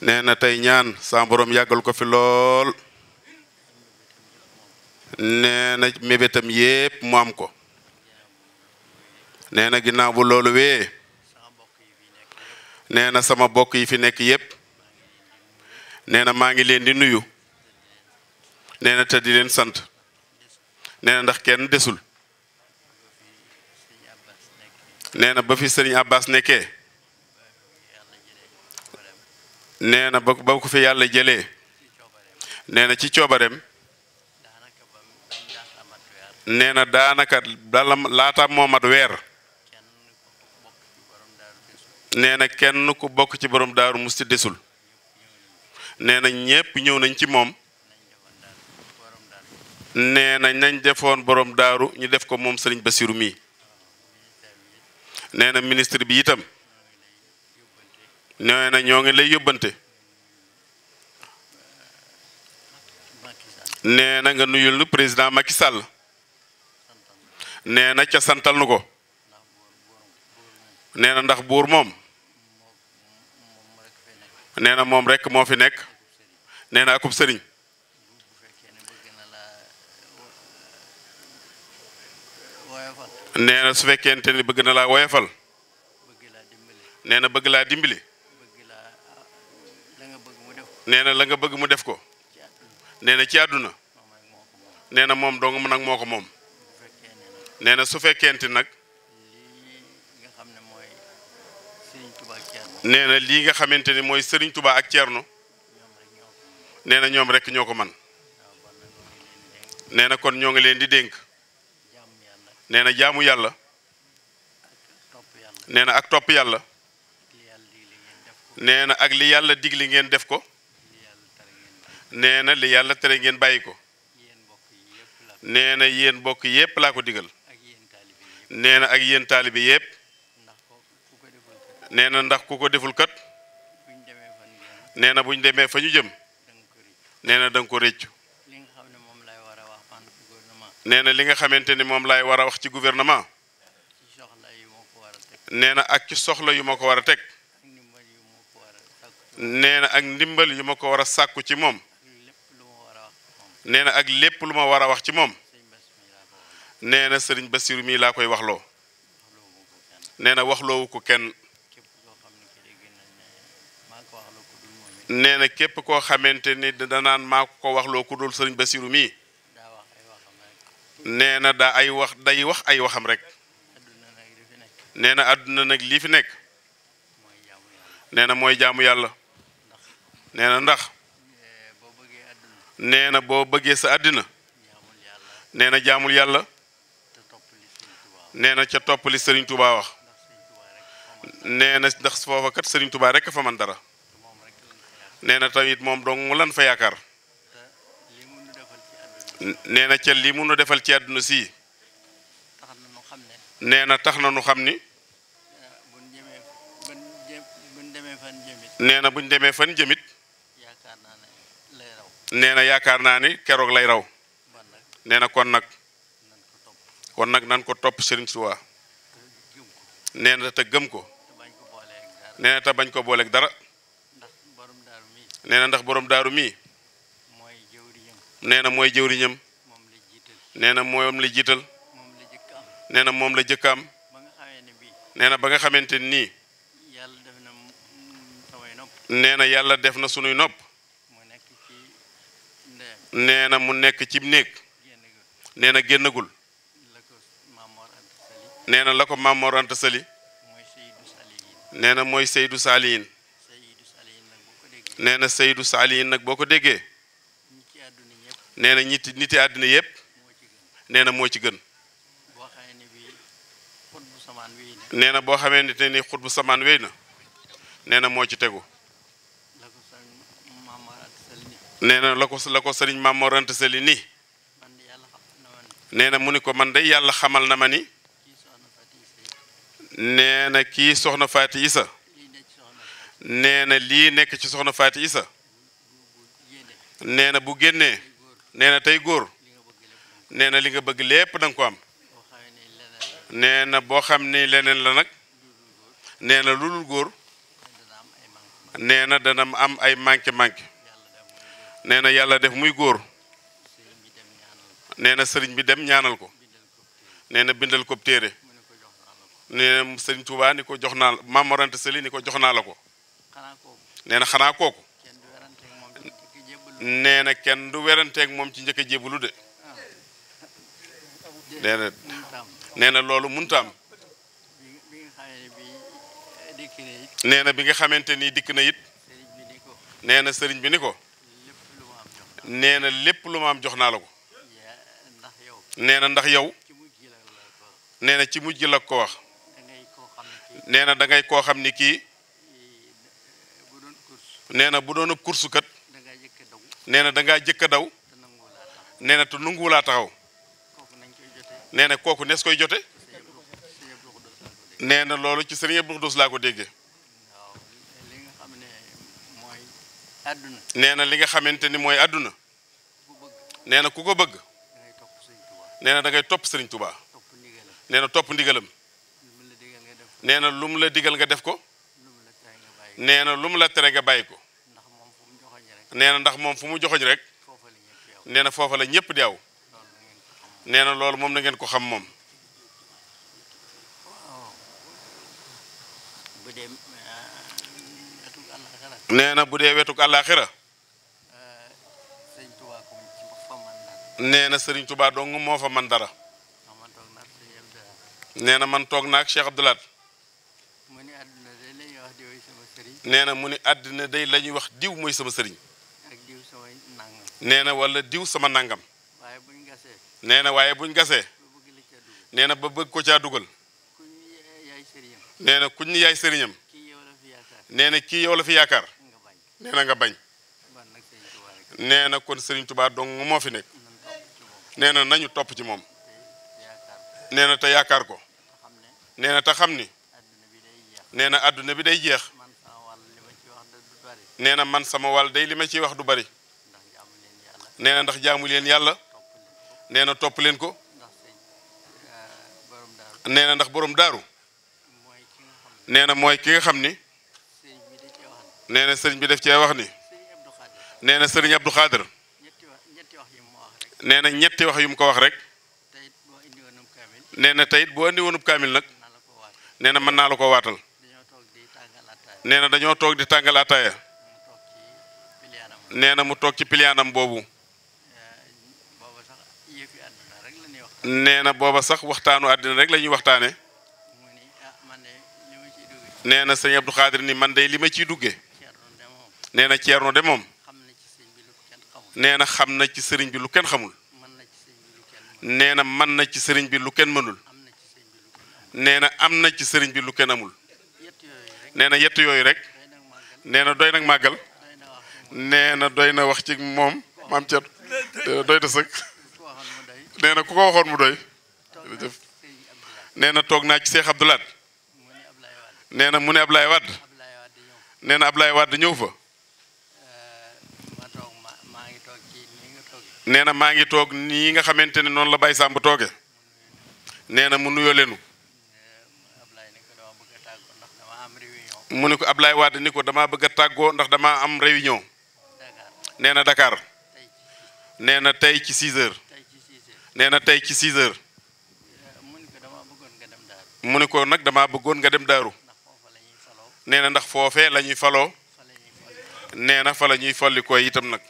nee na tey ñaan sa borom ko fi lool nee na mébétam yépp mu am ko nee na ginnaaw bu loolu wee nee na sama bokk yi fi nekk yépp nee na maa ngi leen di nuyu nee na te di leen sant nee na ndax kenn desul nee na ba fi sëriñ Abbas nekkee nee na ba ba ko fi yàlla jëlee nee na ci coobareem nee na daanaka dala laata moo mat weer nee na kenn ku bokk ci borom daaru musti desul nee na ñépp ñëw nañ ci moom nee na nañ defoon borom daaru ñu def ko moom sëriñ Basiru mii nee na ministre bi itam nee na ñoo ngi lay yëbbante nee na nga nuyul nu président Macky Sall nee na ca santal nu ko nee na ndax buur moom nee na moom rekk moo fi nekk nee na akub sëriñ nee na su fekkente ni bëgg na laa woyafal nee na bëgg laa dimbali nee na la nga bëgg mu def ko nee na ci àdduna nee na moom dong nag moo ko moom nee na su fekkente nag nee na lii nga xamante ni mooy sëriñ Touba ak Thierno nee na ñoom rekk ñoo ko man nee na kon ñoo ngi leen di dénk nee na jaamu yàlla nee na ak topp yàlla nee na ak li yàlla digli ngeen def ko nee na li yàlla tere ngeen bàyyi ko nee na yéen bokk yépp laa ko digal nee na ak yéen taalibe yépp nee na ndax ku ko deful kat nee na bu demee fa ñu jëm nee na da nga ko réccu nee na li nga xamante ni moom laay war a wax ci gouvernement nee na ak ci soxla yu ma ko war a teg nee na ak ndimbal yu ma ko war a sàkku ci moom nee na ak lépp lu ma war a wax ci moom nee na sëriñ Basiru mii laa koy waxloo nee na waxloowu ko kenn nee na képp koo xamante ni danaan maa ko waxloo ku dul sëriñ Basiru mii nee na daa ay wax day wax ay waxam rek nee na àdduna nag lii fi nekk nee na mooy jaamu yàlla nee na ndax nee na boo bëggee sa àddina nee na jaamul yàlla nee na ca toppali sëriñ Touba wax nee na ndax foofa kat sëriñ Touba rek fa man dara nee na tamit moom dong lan fa yaakaar nee na ca lii mënu defal ci àdduna sii nee na tax na nu xam ni nee na buñ demee fan jëmit nee na yaakaar naa ni keroog lay raw nee na kon nag kon nag nan ko topp Serigne Touba nee na te gëm ko nee na te bañ ko booleeg dara nee na ndax boroom daaru mii nee na mooy jëwriñam nee na moom la jiital nee na moom la jëkkaam nee na ba nga xamante nii nee na yàlla def na sunuy nopp nee na mu nekk ci néeg nee na génnagul nee na la ko Maam Mor Anta nee na mooy Seydou Salihin nee na Seydou Salihin nag boo ko déggee nee na ñitti niti àddina yépp nee na moo ci gën nee na boo xamee nit ne ni xutbu samaan wéy na nee na moo ci tegu nee na la ko la ko sëriñ Maam Mor Anta Sali nii nee na mu ni ko man de yàlla xamal na ma ni nee na kii soxna Faati Isa nee na lii nekk ci soxna Faati Isa nee na bu génnee nee na tey góor nee na li nga bëgg lépp danga ko am nee na boo xam ni leneen la nag nee na lu dul góor nee na dana am ay manqué manqué nee na yàlla def muy góor nee na sëriñ bi dem ñaanal ko nee na bindal ko téere nee na sëriñ Tuubaa ko jox naa la Maam Mor Anta Sali ni ko jox naa ko nee na xanaa kooku nee na kenn du weranteeg moom ci njëkk a jébbalu de nee na nee na loolu muntaam nee na bi nga xamante ni dikk na it nee na sëriñ bi ni ko nee na lépp lu ma am jox naa la ko nee na ndax yow nee na ci mujj la ko wax nee na da ngay koo xam ni kii nee na bu doon ab kursu kat nee na da ngaa jëkk a daw nee na te nunguwulaa taxaw nee na kooku nees koy jote nee na loolu ci sëriñ Abdou Khoudoss laa ko déggee nee na li nga xamante ni mooy àdduna nee na ku ko bëgg nee na da topp sëriñ tubaa nee na topp ndigalam nee na lu mu la digal nga def ko nee na lu mu la tere nga bàyyi ko nee na ndax moom fu mu joxoñ rek nee na foofa la ñépp di aw nee na loolu moom na ngeen ko xam moom nee na bu dee wetug àllaaxira nee na Serigne Touba dong moo fa man dara nee na man toog na Cheikh Abdoulaat nee na mu ni àddina day lañuy wax diw mooy sama sëriñ nee na wala diw sama nangam nee na waaye buñ gasee nee na ba bëgg ko caa dugal nee kuñ ni yaay sëriñam nee na kii yow la fi yaakaar nee na nga bañ nee na kon Serigne Touba dong moo fi nekk nee na nañu topp ci moom nee na te yaakaar ko nee na te xam ni nee na àdduna bi day jeex nee na man sama wàll day li ma ciy wax du bari neena ndax jaamu leen yàlla nee na topp leen ko nee na ndax borom daaru nee mooy ki nga xam ni. nee na sëriñ bi def cee wax ni. nee na sëriñ Abdou Khader. nee na ñetti wax yu mu ko wax rek. nee na teyit boo andi kaamil nag. nee na mën naa la ko waatal. nee na dañoo toog di tàngal ataaya. na mu toog ci piliyaanam boobu. nee na booba sax waxtaanu àddina rek la ñuy waxtaane nee na sëñ Abdou Khadir ni man day li ma ciy dugge nee na Ceerno de moom nee na xam na ci sëriñ bi lu kenn xamul nee na mën na ci sëriñ bi lu kenn mënul nee na am na ci sëriñ bi lu kenn amul nee na yett yooyu rek nee na doy nag màggal nee na doy na wax ci moom maam Ceerno doy na sëkk nee na ku ko waxoon mu doy jërëjëf nee na toog naa ci Seex Abdulaat nee na mu ne Ablaye Wade nee na Ablaye Wade ñëw fa nee na maa ngi toog nii nga xamante ne noonu la Baye Samb tooge nee na mu nuyoo leenu mu ne ko Ablaye Wade ni ko damaa bëgg a tàggoo ndax damaa am réunion nee na Dakar nee na tey ci 6 heures nee na tey ci 6 mu ne ko nag damaa bëggoon nga dem daaru nee na ndax foofee la ñuy faloo nee na fa la ñuy folli koy itam nag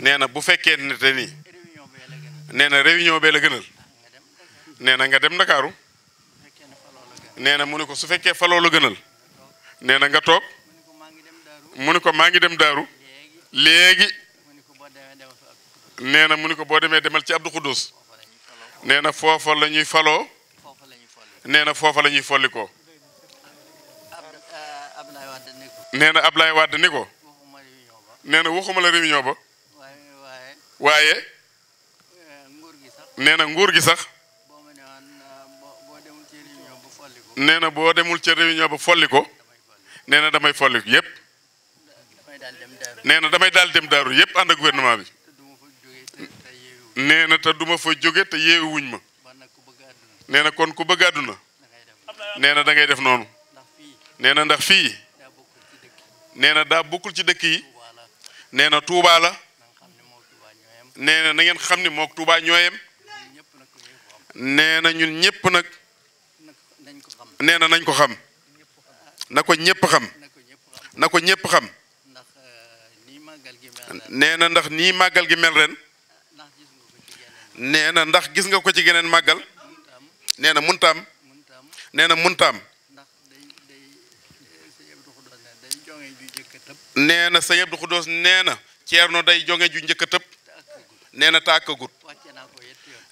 nee na bu fekkee ne te nii nee na réunion bee la gënal nee na nga dem ndakaaru nee na mu ne ko su fekkee faloo la gënal nee na nga toog mu ne ko maa ngi dem daaru léegi nee na mu ne ko boo demee demal ci Abdou Khoudous nee na foofa la ñuy faloo nee na foofa la ñuy follikoo nee na Ablaye Wade ni ko nee na waxuma la réunion ba waaye nee na nguur gi sax nee na boo demul ca réunion ba folli ko nee na damay folli yépp nee na damay daal dem daaru yépp ànd ak gouvernement bi nee na te duma fa jóge te yeewuñ ma nee na kon ko bëgg àdduna na da ngay def noonu nee na ndax fii nee na daa bokkul ci dëkk yi nee na Tuubaa nee na xam ni mook Touba ñooyem nee na ñun ñépp nag nee na nañ ko xam na ko ñëpp xam na ko ñëpp xam nee na ndax nii màggal gi mel ren nee na ndax gis nga ko ci geneen màggal nee na muntaam nee na muntaam nee na sëñ Abdou Khoudous nee na Ceerno day jonge ju njëkk a tëb nee na tàkkagut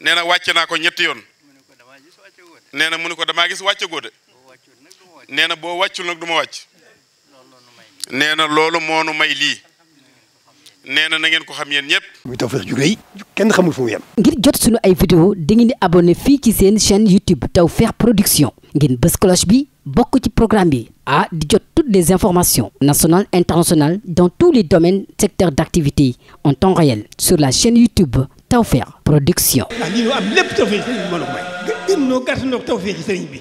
nee na wàcce naa ko ñetti yoon nee na mu ne ko damaa gis wàcce goo de nee na boo wàccul nag du ma wàcc nee na loolu moo nu may lii nee na na ngeen ko xam yéen ñëpp. muy Tawfekh ju rëy kenn xamul fu mu yem. ngir jot sunu ay vidéo dangeen di abonné fii ci seen chaîne YouTube Tawfekh Production ngeen bës bi. bokk ci programme bi ah di jot toutes les informations nationales internationales dans tous les domaines secteurs d'activité en temps réel sur la chaîne YouTube Tawfekh Production. Ah, am lépp tawfeer ci sëriñ bi mbooloo mooy gën gën